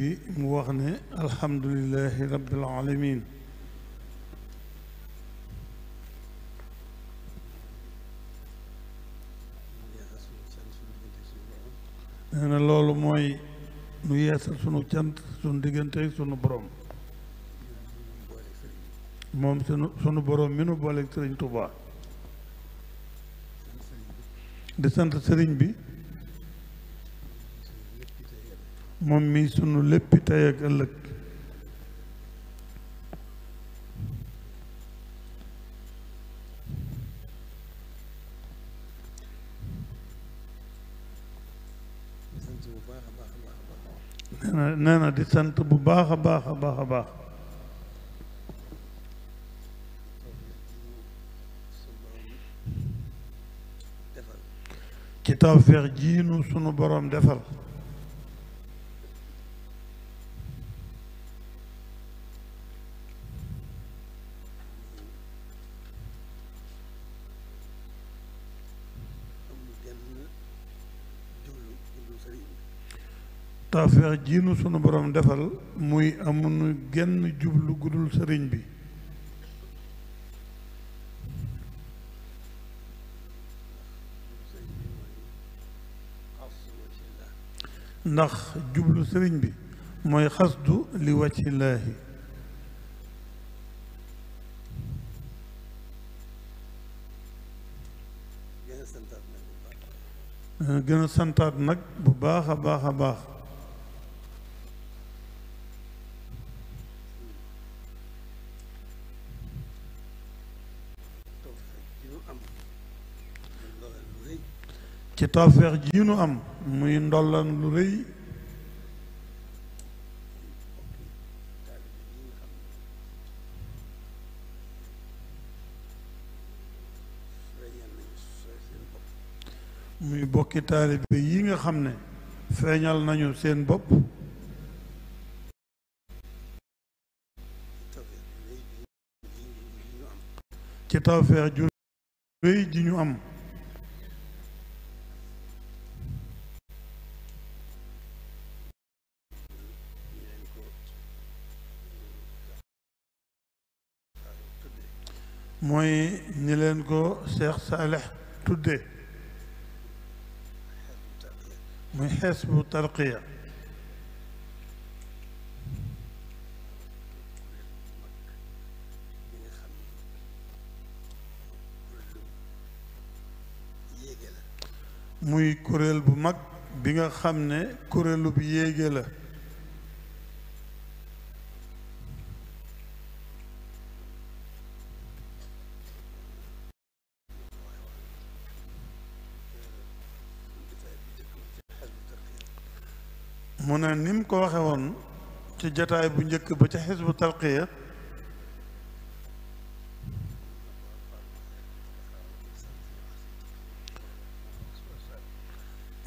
bi mu wax ne alhamdulillahi rabbil alamin nee na loolu mooy nu yeesal sunu cant sunu diggante sunu borom moom sunu sunu borom mi nu booleeg sëriñ Tuubaa di sant sëriñ bi moom mi sunu léppi tey ak ëllëg nee na di sant bu baax a baax a baax a baax ci tawfeex jiinu sunu boroom defal tawfeex jiinu sunu boroom defal muy amunu genn jublu gudul sëriñ bi ndax jublu sëriñ bi mooy xasdu li wàccillaahi gën nag bu baax a baax a baax ci tawfeex ji nu am muy ndollan lu rëy muy bokki taalibe yi nga xam ne feeñal nañu seen bopp ci tawfeex ju rëy ji ñu am mooy ñileen ko Cheikh Saalih tudde muy xees bu tarqiya muy kuréel bu mag bi nga xam ne kuréelu bu yéege la mu ne ni ko waxe woon ci jataay bu njëkk ba ca xisbu talqiya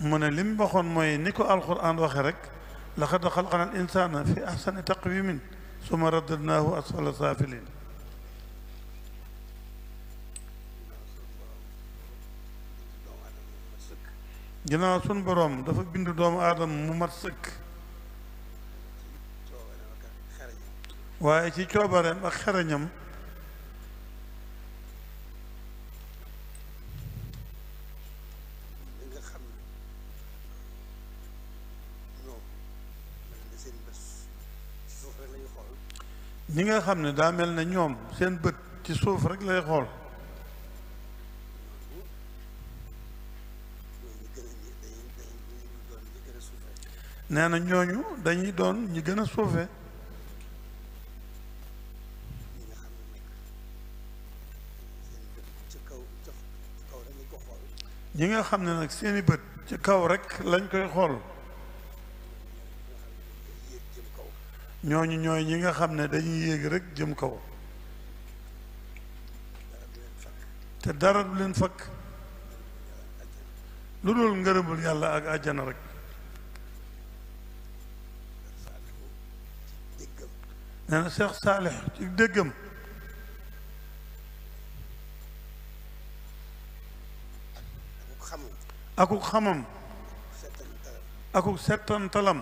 mu ne li mu waxoon mooy ni ko alquran waxe rek laqad xalaqna al insana fi ahsani taqwimin suma raddadnaahu asfala saafilin ginnaaw sun boroom dafa bind doomu aadama mu mat sëkk waaye ci coobareem ak xereñam ñi nga xam ne daa mel na ñoom seen bët ci suuf rek lay xool nee na ñooñu dañuy doon ñi gën a sauvé ñi nga xam ne nag seeni bët ci kaw rekk lañ koy xool ñooñu ñooy ñi nga xam ne dañuy yéeg rekk jëm kaw te dara du leen fakk lu dul ngërëmul yàlla ak àjjana rekk nee na Cheikh Saalix ci déggam akuk xamam akuk settantalam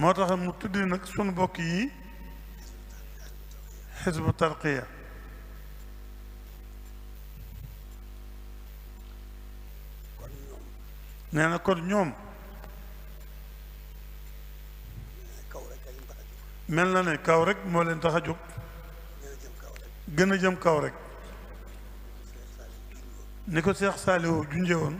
moo tax mu tuddi nag sunu bokk yi xisbu tarqiya nee na ñoom mel na ne kaw rekk moo leen tax a jóg gën a jëm kaw rekk ni ko Seex Saalihu junje woon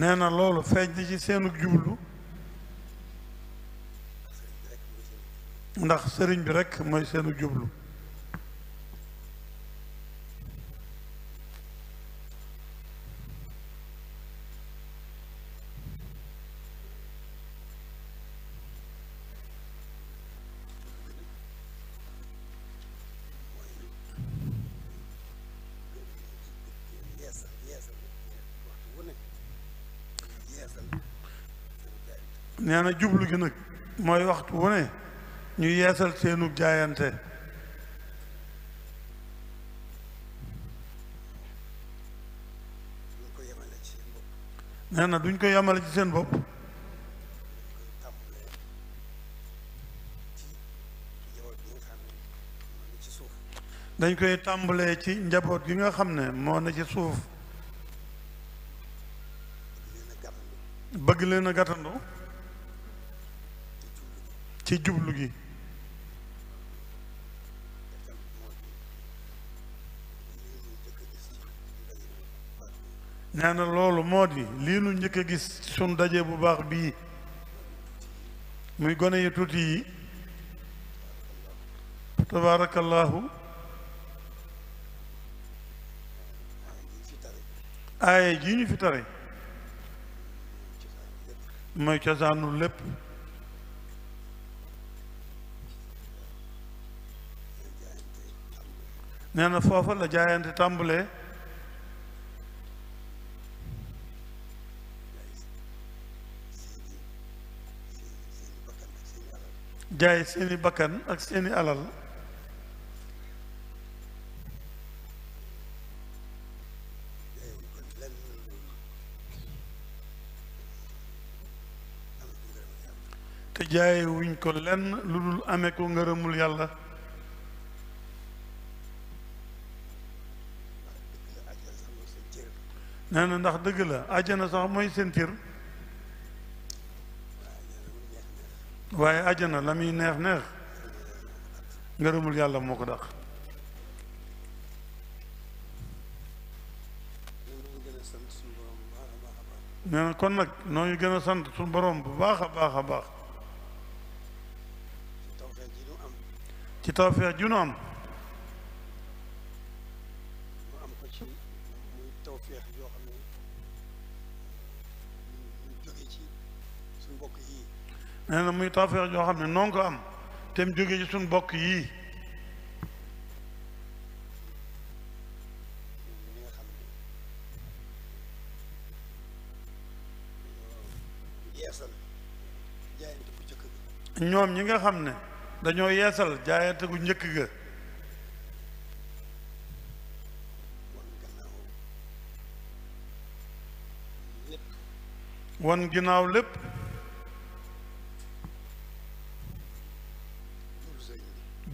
nee na loolu feeñ na ci seenu jublu ndax sëriñ bi rekk mooy seenu jublu nee na jublu gi nag mooy waxtu wu ne ñu yeesal seenu jaayante nee na duñ ko yamale ci seen bopp dañ koy tàmbalee ci njaboot gi nga xam ne moo na ci suuf bëgg leen a ci jublu gi nee na loolu moo di lii nu njëkk a gis suñ daje bu baax bii muy gone yi tuuti yi tabaarakallaahu aaye ji ñu fi tare mooy cosaanu lépp nee na foofa la jaayante tàmbalee jaay seeni bakkan ak seeni alal te jaaye wuñ ko lenn lu dul amee ko ngërëmul yàlla nee na ndax dëgg la àjjana sax mooy seen waaye àjjana la muy neex neex ngërëmul yàlla mu ko dàq nee na kon nag noo ngi gën a sant suñu borom bu baax a baax a baax ci tawfeex ju nu am nee na muy tawfeex joo xam ne noonu ko am te mu jógee ci suñ bokk yii ñoom ñi nga xam ne dañoo yeesal jaayante gu njëkk ga wan ginnaaw lépp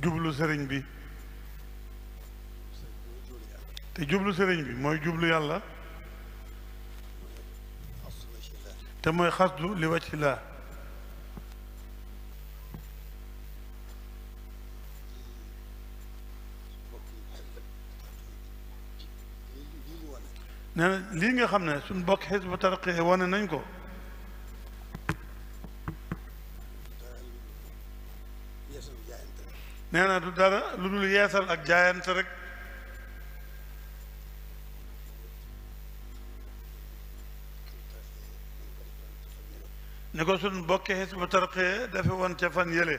jublu sëriñ bi te jublu sëriñ bi mooy jublu yàlla te mooy xasdu li wàcci laa nee na lii nga xam ne suñ bokk Hizbut Tarqiyyah wane nañ ko nee na du dara lu dul yeesal ak jaayant rek ni ko suñ bokki Hizbut Tarqiyyah dafe woon ca fan yële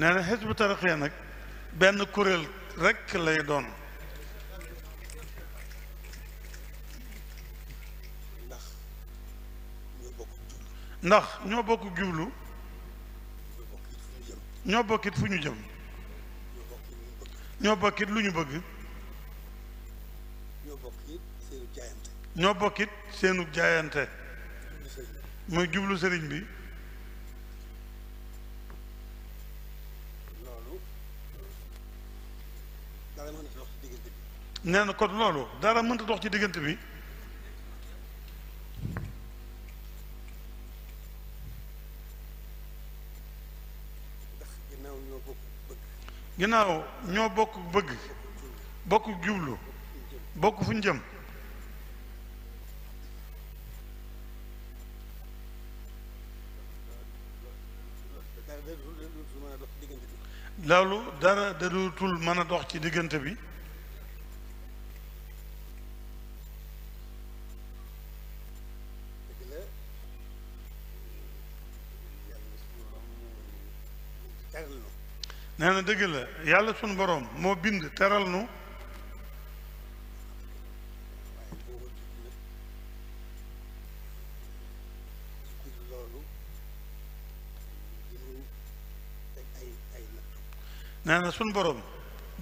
nee na Hizbut Tarqiyyah nag benn kuréel rek lay doon ndax ñoo bokk jublu ñoo bokkit fu ñu jëm ñoo bokkit lu ñu bëgg ñoo bokkit seenu jaayante mooy jublu sëriñ bi nee na kon loolu dara mënta dox ci diggante bi ginnaaw ñoo bokk bëgg bokk jublu bokk fu ñu jëm loolu dara dadutul mën a dox ci diggante bi nee na dëgg la yàlla sunu boroom moo bind teral nu nee na sunu boroom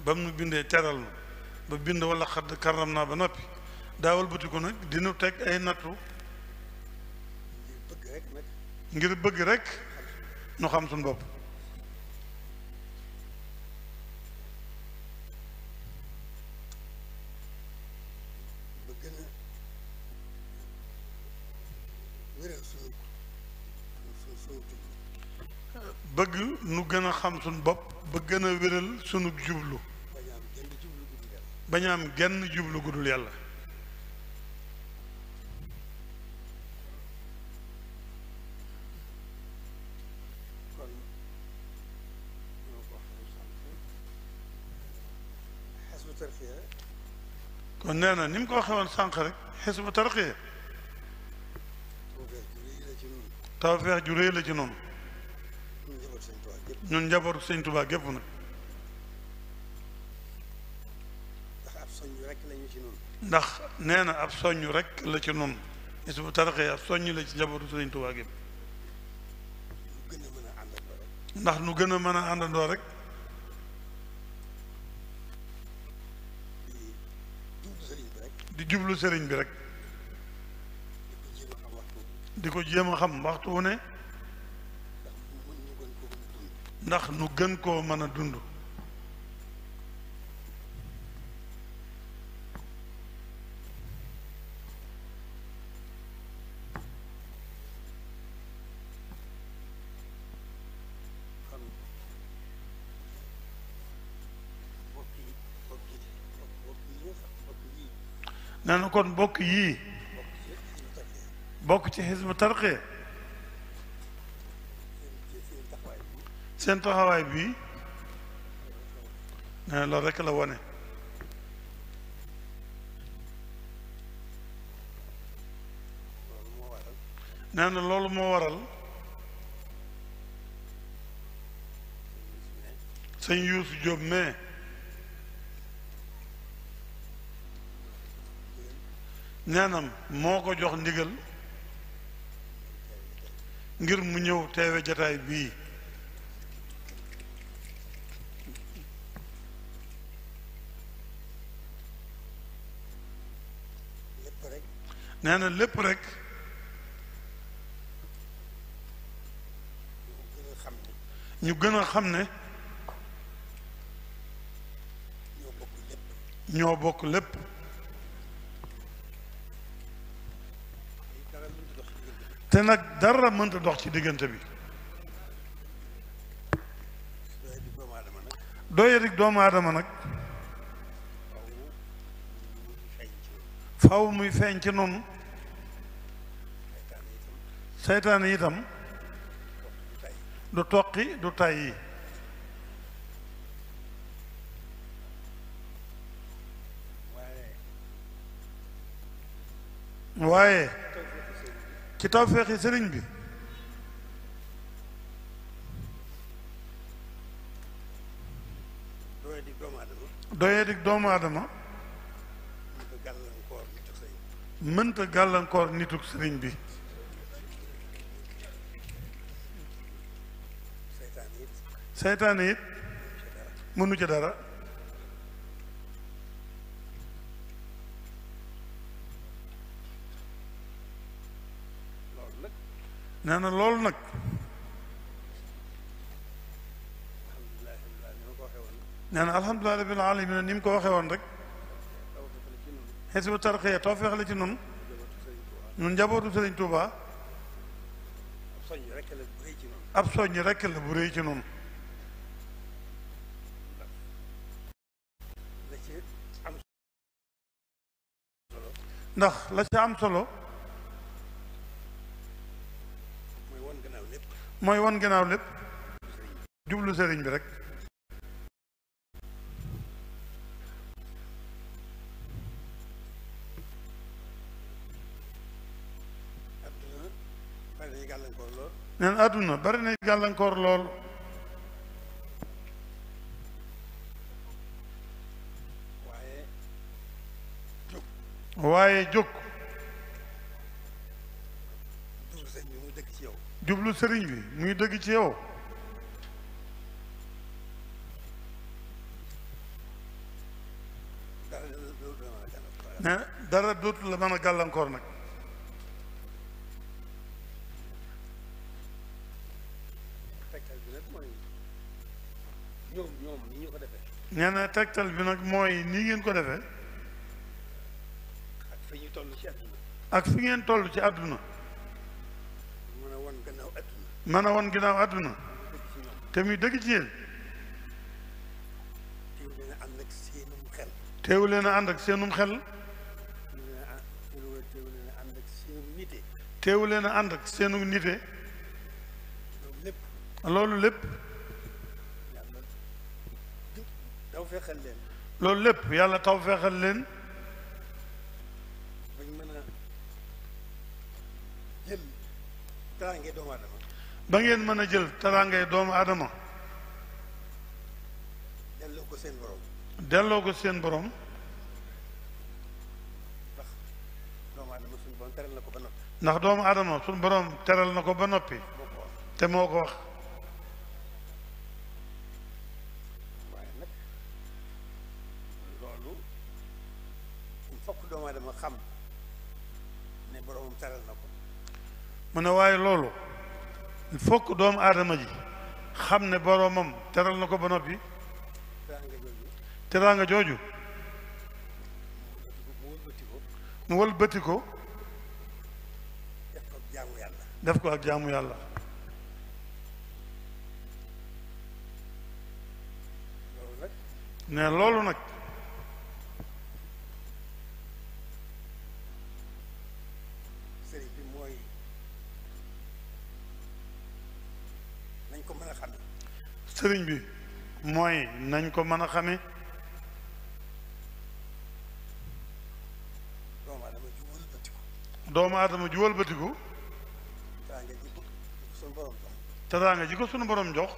ba nu bindee teral nu ba bind wala xadd karam naa ba noppi daawal butiku nag dinu teg ay nattu ngir bëgg rek nu xam sunu bopp xam bopp ba gën a wéral sunu jublu bañ a am genn jublu gudul yàlla kon nee na ni mu ko waxee woon sànq rek xisbu tarqiya tawfeex ju réy la ci noonu ñun njabootu sëñ Tuubaa gépp nag. ndax nee na ab soññ rek la ci nun Hizbut Tarqiyyah ab soññ la ci njabootu sëñ Tuubaa gépp ndax nu gën a mën a àndandoo rek. di jublu sëriñ bi rek. di ko jéem a xam waxtu wu ne. ndax nu gën koo mën a dund nee na kon bokk yii bokk ci xisbu tarqee seen taxawaay bii nee loolu rekk la wone nee na moo waral sëñ Yuusu Jóob mais neenam moo ko jox ndigal ngir mu ñëw teewe jataay bii nee lépp rek ñu gën a xam ne ñoo bokk lépp te nag dara mënta dox ci diggante bi doye dik doomu aadama nag faw muy feeñ ci nun seytaane itam du toqi du tàyyi waaye ci tawféexi sëriñ bi doye dig doomu aadama mënta gàllankoor nituk sëriñ bi seytaane it mënu ca dara nee na loolu nag nee na alhamdulilah rabbil alamin ni mu ko waxee rek Hizbut Tarqiyyah tawfeex la ci nun ñun njabootu Sëriñ Tuuba ab soññ rekk la bu ci nun ndax la ci am solo mooy won gannaaw lépp jublu sëriñ bi rek gàllankoor lool. neen àdduna bari nay gàllankoor lool. waaye jóg. waaye jóg. jublu sëriñ bi muy dëgg ci yow. jublu sëriñ bi muy dëgg ci yow. dara dootu la mën a gàllankoor nag. nee na tegtal bi nag mooy nii ngeen ko defee. ak fi ak fi ngeen toll ci àdduna. mën a wan ginnaaw àdduna. mën a wan ginnaaw àdduna. te muy dëgg ci yéen. teewu leen a ànd ak seenum xel. teewu leen a ànd ak seenum nite. loolu lépp. tawféexal leen. loolu lépp yàlla tawféexal leen. bañ mën a jël taraangay doomu aadama. ba ngeen mën a jël taraangay doomu aadama. delloo ko seen borom. delloo ko seen borom. ndax doomu aadama suñu borom teral na ko ba noppi te moo ko wax teral na ko mu ne waaye loolu fokk doomu adama ji xam ne boroomam teral na ko bi noppi nga jooju mu wëlbati ko def ko ak jaamu yàlla ne loolu nag sëriñ bi mooy nañ ko mën a xame doomu aadama ju wëlbatiku teraanga ji ko sunu boroom jox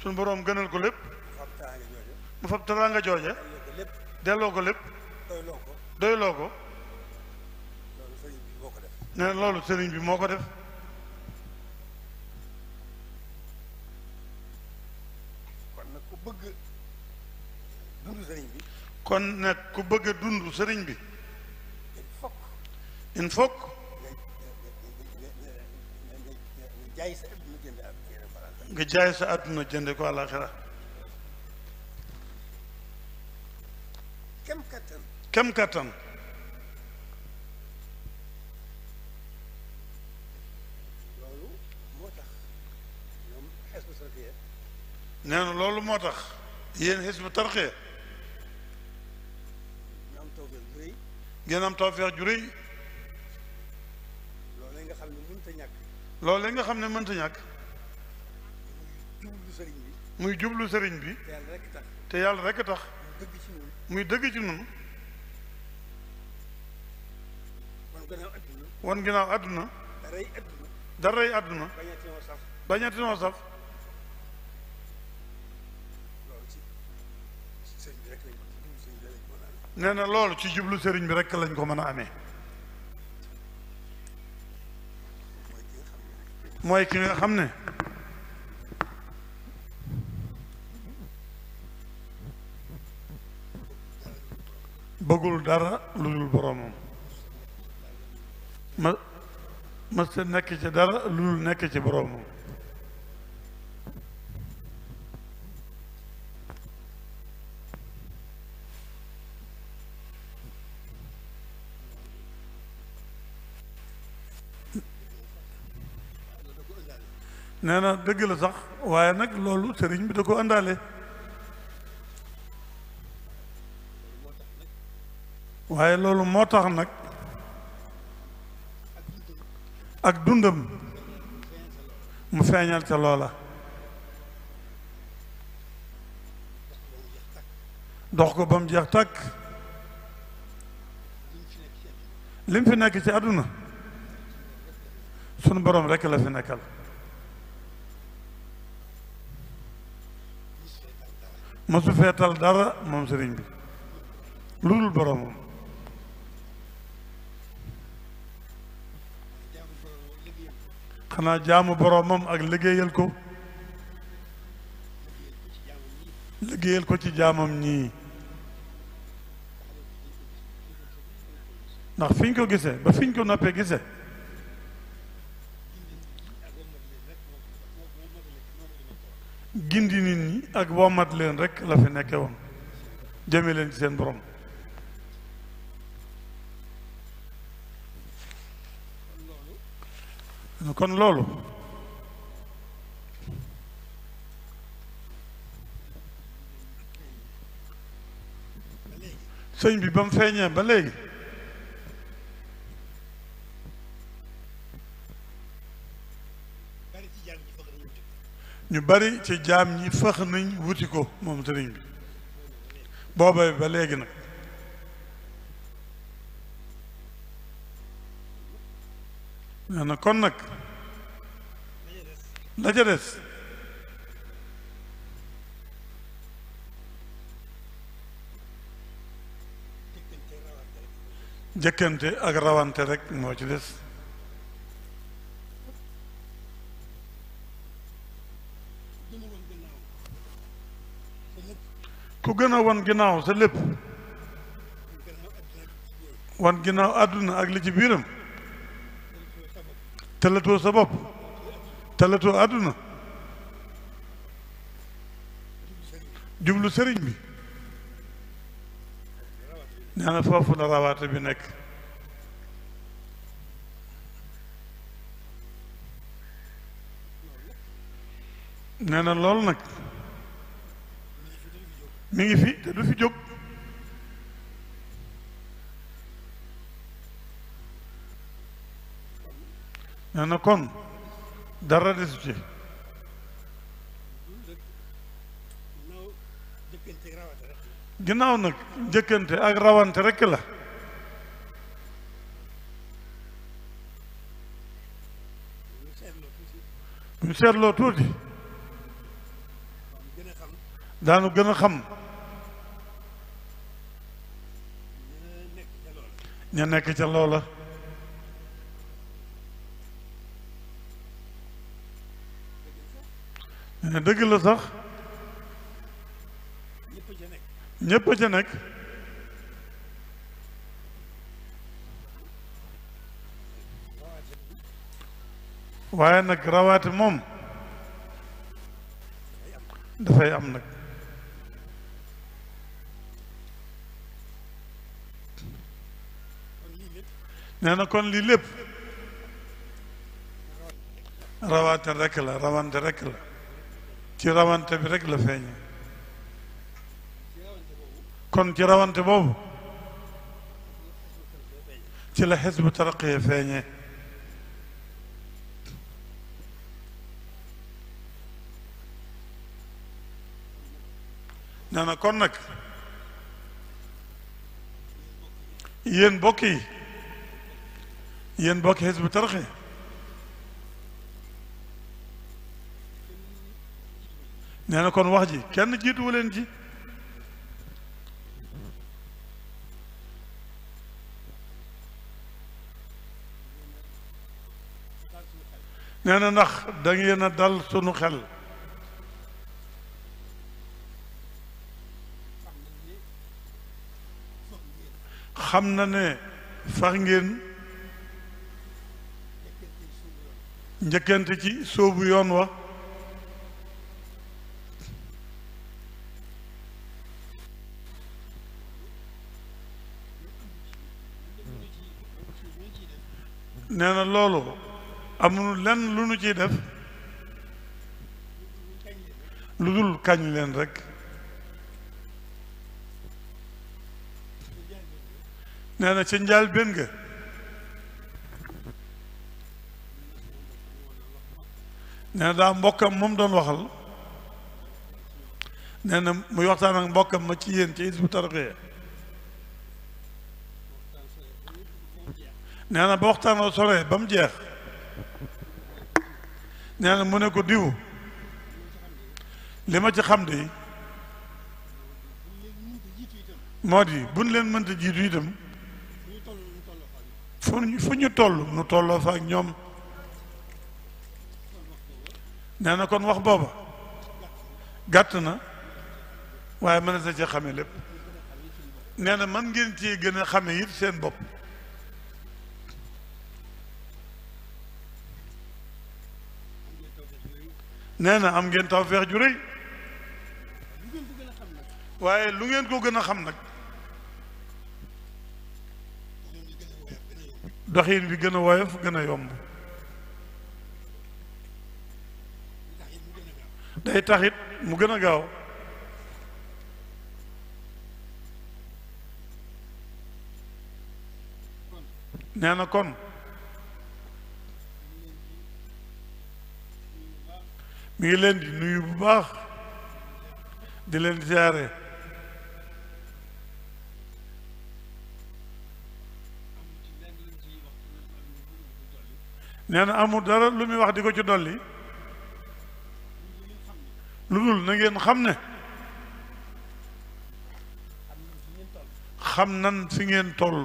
sunu boroom gënal ko lépp mu fab teraanga jooje delloo ko lépp doyloo ko nee loolu sëriñ bi moo ko def nag ku kon nag ku bëgg dund sëriñ bi. il faut nga jaay sa àdduna jënde ko àlaxira kem kattan kem kattan nee loolu moo tax yéen Hizbut Tarqiyyah ngeen am tawfeex ju rëy loolu nga xam ne mënta ñàkk loolu nga xam ne mënta ñàkk muy jublu sëriñ bi te yàlla rekk tax muy dëgg ci nun wan ginnaaw àdduna daray àdduna bañati noo saf nee na loolu ci jublu sëriñ bi rekk lañu ko mën a amee mooy ki nga xam ne bëggul dara lu dul boromam ma ma sa nekk ci dara lu dul nekk ci boromam nee na dëgg la sax waaye nag loolu sëriñ bi da ko àndaale waaye loolu moo tax nag ak dundam mu feeñal ca loola dox ko ba mu jeex tàkk lim fi nekk ci àdduna sunu borom rekk la fi nekkal masu feetal dara moom sëriñ bi lu dul boroomam xanaa jaamu boroomam ak liggéeyal ko liggéeyal ko ci jaamam ñii ndax fi ñu ko gisee ba fi ñu ko noppee gisee gindi nit ñi ak wommat leen rek la fi nekke woon jëme leen ci seen borom kon loolu sëñ bi ba mu feeñee ba léegi ñu bari ci jaam ñi fëx nañ wuti ko moom sëriñ bi booba ba léegi nag nee na kon nag la ca des jëkkante ak rawante rek moo ci des gën a wan ginnaaw sa lépp wan ginnaaw àdduna ak li biiram talatoo sa bopp talatoo àdduna jublu sëriñ bi nee foofu la rawaate bi nekk nee na nag mi ngi fi te du fi jóg nee na kon dara desu ci nag njëkkante ak rawante rekk la bu seetloo tuuti daanu gën a xam ña nekk ca loola ne dëgg la sax ñépp ca nekk waaye nag rawaate moom dafay am nag nee na kon lii lépp rawaate rek la rawante rek la ci rawante bi rek la feeñe kon ci rawante boobu ci la xisbu tarqiya feeñe nee na kon nag yéen bokk yi yéen bokk Hizbut Tarqiyyah nee na kon wax ji kenn jiituwu ji ci nee na ndax da ngeen dal sunu xel xam na ne sax ngeen njëkkante ci sóobu yoon wa nee na loolu amul lenn lu nu ciy def lu dul kañ leen rekk nee na ca njaal benn nga nee na daa mbokkam moom doon waxal nee na muy waxtaan mbokkam ma ci yéen ci Hizbut Tarqiyyah nee na ba waxtaan sore ba mu jeex nee na mu ne ko diw li ma ci xam de moo di buñ leen mënta jiitu itam fu fu ñu toll nu tolloo fa ak ñoom nee na kon wax booba gàtt na waaye mën na sa xame lépp nee na mën ngeen cee gën a xame it seen bopp nee na am ngeen tawfeex ju waaye lu ngeen ko gën a xam nag doxin bi gën a woyof gën a yomb day taxit mu gën a gaaw nee na kon mi ngi leen di nuyu bu baax di leen ziare nee na amul dara lu muy wax di ko ci dolli lu dul na ngeen xam ne xam nan fi ngeen toll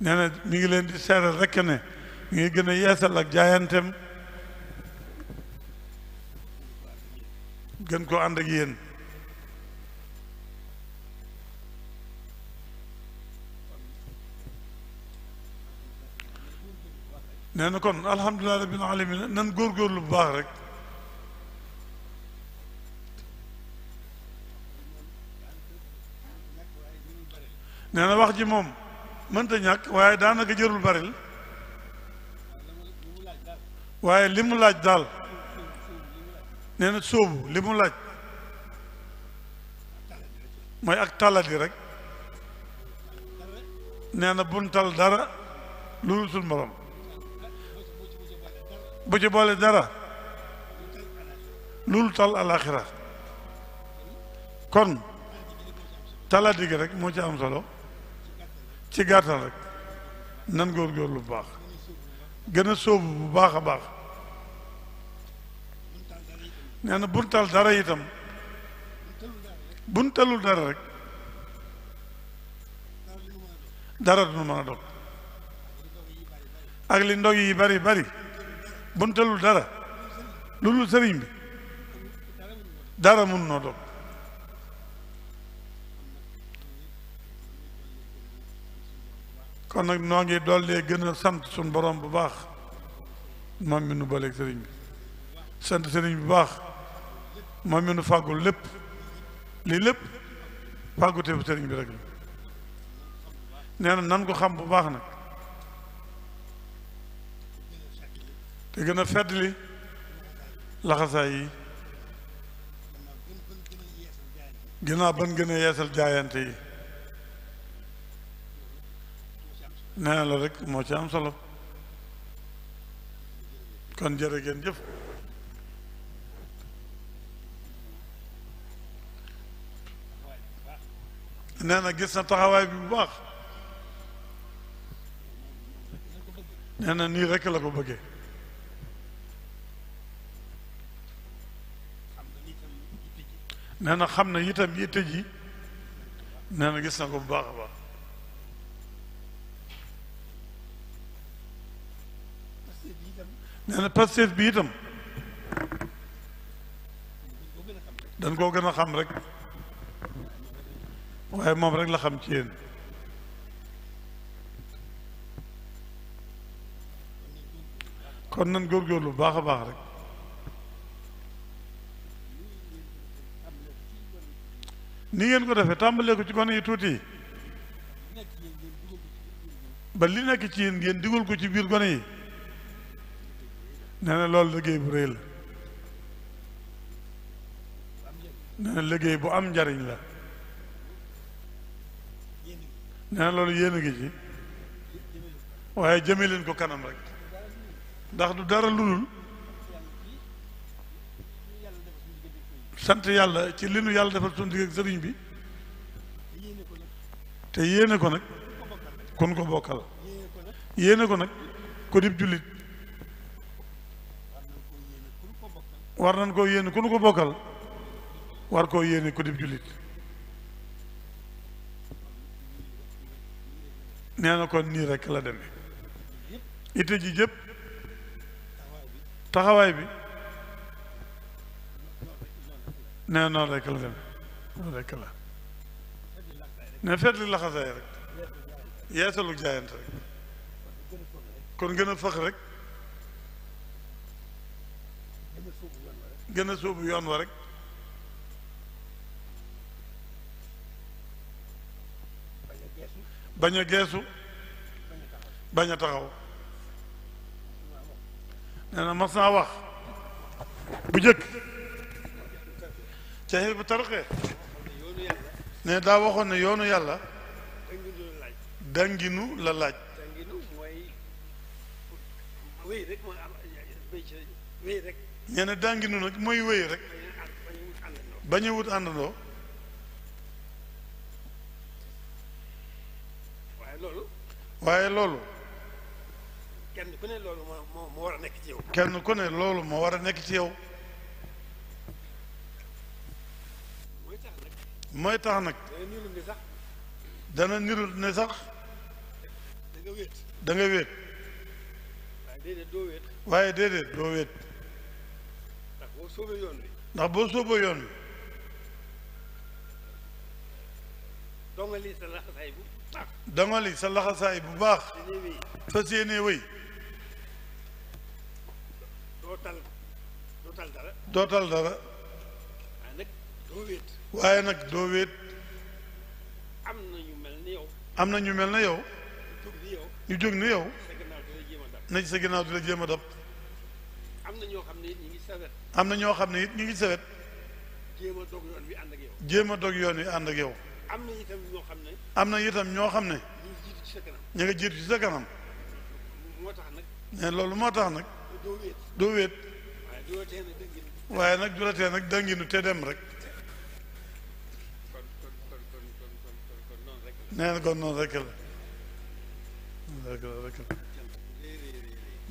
nee mi ngi leen di seeral rekk ne mi gën a yeesal ak jaayantem gën koo ànd ak yéen nee na kon alhamdulilah rabbil alamin nan góorgóorlu bu baax rek nee na wax ji moom mënta ñàkk waaye daanaka jërul baril waaye li mu laaj daal nee na sóobu li mu laaj mooy ak tàlladi rek nee na buntal dara lu dul suñu borom bu ci boole dara lu tal alaxira kon talaati gi rek moo ci am solo ci gàttal rek nan góorgóorlu bu baax gën a sóobu bu baax a baax nee na bun tal dara itam bun talul dara rek dara du mën a dog ak li ndog yi bari bari bu nu dara lu dul sëriñ bi dara mun noo doon kon nag noo ngi dollee gën a sant suñ boroom bu baax moom mi nu baleeg sëriñ bi sant sëriñ bu baax moom mi nu fàggul lépp lii lépp fàggute bu sëriñ bi rek nee na nan ko xam bu baax nag te gën a feddli laxasaay yi ginnaaw ban gën a yeesal jaayante yi nee la rek moo ci am solo kon jërë ngeen jëf nee na gis na taxawaay bi bu baax nee na nii rekk la ko bëggee nee na xam na itam yitte ji nee na gis na ko bu baax a baax nee na pastéef bi itam dañ koo gën a xam rek waaye moom rek la xam ci yéen kon nan góorgóorlu bu baax a baax rek ni ngeen ko defee tàmbalee ko ci gone yi tuuti yi ba li nekk ci yéen ngeen digal ko ci biir gone yi nee na loolu liggéey bu rëy la nee liggéey bu am njariñ la nee loolu yéen a ci waaye jëme leen ko kanam rek ndax du dara lu dul sant yàlla ci li nu yàlla defal suñu digg ak sëriñ bi te yéene ko nag kon ko bokkal yéene ko nag ko jullit war nañ koo yéene ku ko bokkal war koo yéene ko dib jullit nee na ko nii rek la demee ite ji jëpp taxawaay bi na noonu rek la dem noonu rek la ne feet li laxasaay rek yeesalu jaayante rek kon gën a fëx rek gën a suubu yoon rek bañ a geesu bañ a taxaw nee na mas naa wax bu jëkk ca xel bu tarxee ne daa waxoon ne yoonu yàlla danginu la laaj nee na danginu nag mooy wéy rek bañ a wut àndandoo waaye loolu kenn ku ne loolu moo war a nekk ci yow mooy tax nag dana nirul ne sax da nga wéet waaye déedéet doo wéet ndax boo sóoboo yoon wi dongali sa laxasaay bu baax dongali sa laxasaay bu baax fas yéene wéy doo tal dara doo tal dara waaye nag doo wéet am na ñu mel ne yow na ñu yow ñu jóg ne yow na ci sa ginnaaw di la jéem a dab am na ñoo xam am na ñoo xam ne it ñu ngi sawet jéem a dog yoon wi ànd ak yow jéem am na itam ñoo xam ne am na itam ñoo xam ne ñu nga jiitu ci sa kanam moo tax nag mais loolu moo tax nag doo wéet doo wéet waaye nag du la tee nag danginu te dem rek nee na kon noonu rek la rek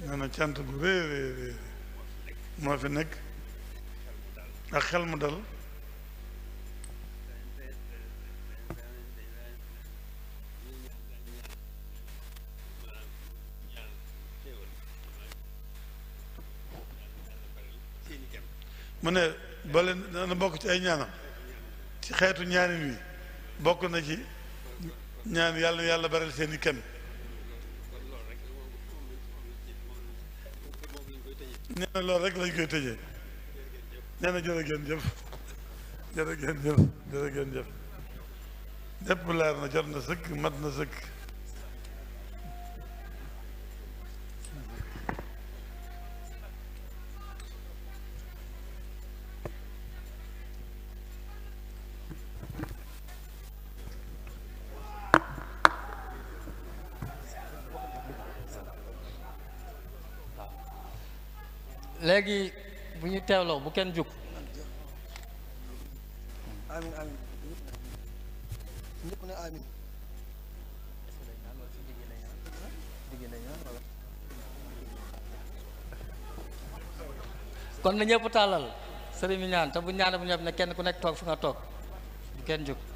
la na cant gu rëy rëy moo fi nekk ak xel mu dal mu ne ba leen dana bokk ci ay ñaanam ci xeetu ñaanin wi bokk na ci ñaan yàlla na yàlla baral seen i kem nee na loolu rek lañ koy tëjee nee na jërë ngeen jëf jërë ngeen jëf jërë ngeen jëf lépp leer na jot na sëkk mat na sëkk léegi bu ñu teewloo bu kenn jóg kon na ñëpp tàllal sëriñ bi ñaan te bu ñaan bu ñëpp ne kenn ku nekk toog fu nga toog bu kenn jóg